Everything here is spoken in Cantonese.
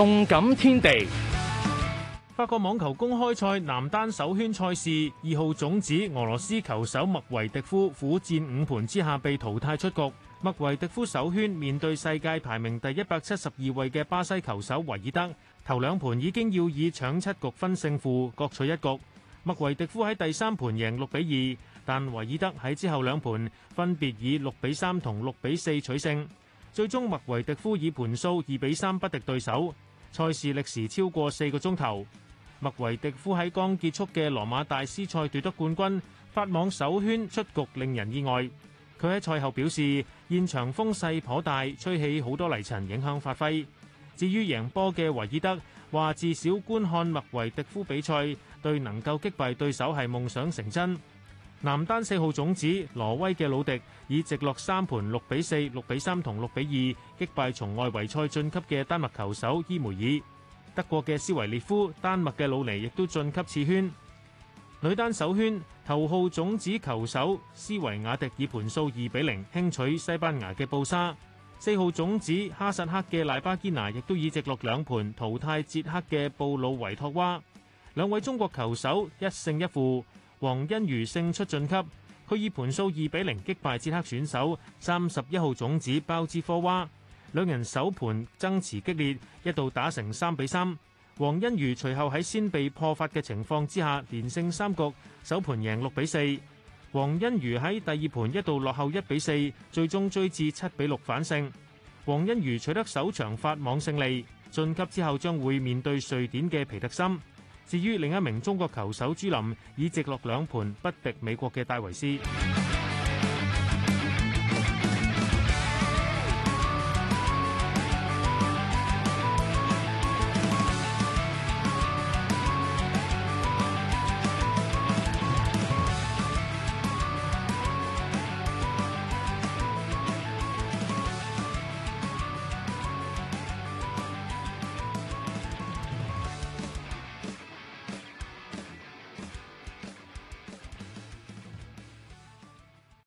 動感天地，法國網球公開賽男單首圈賽事，二號種子俄羅斯球手麥維迪夫苦戰五盤之下被淘汰出局。麥維迪夫首圈面對世界排名第一百七十二位嘅巴西球手維爾德，頭兩盤已經要以搶七局分勝負，各取一局。麥維迪夫喺第三盤贏六比二，但維爾德喺之後兩盤分別以六比三同六比四取勝，最終麥維迪夫以盤數二比三不敵對手。賽事歷時超過四個鐘頭，麥維迪夫喺剛結束嘅羅馬大師賽奪得冠軍，法網首圈出局令人意外。佢喺賽後表示，現場風勢頗大，吹起好多泥塵影響發揮。至於贏波嘅維爾德，話至少觀看麥維迪夫比賽，對能夠擊敗對手係夢想成真。男單四號種子挪威嘅魯迪以直落三盤六比四、六比三同六比二擊敗從外圍賽晉級嘅丹麥球手伊梅爾，德國嘅施維列夫、丹麥嘅魯尼亦都晉級次圈。女單首圈頭號種子球手施維雅迪以盤數二比零輕取西班牙嘅布莎。四號種子哈薩克嘅賴芭堅娜亦都以直落兩盤淘汰捷克嘅布魯維托娃，兩位中國球手一勝一負。王欣瑜勝出晉級，佢以盤數二比零擊敗捷克選手三十一號種子鮑茲科娃，兩人首盤爭持激烈，一度打成三比三。王欣瑜隨後喺先被破發嘅情況之下，連勝三局，首盤贏六比四。王欣瑜喺第二盤一度落後一比四，最終追至七比六反勝。王欣瑜取得首場法網勝利，晉級之後將會面對瑞典嘅皮特森。至於另一名中國球手朱琳，以直落兩盤不敵美國嘅戴維絲。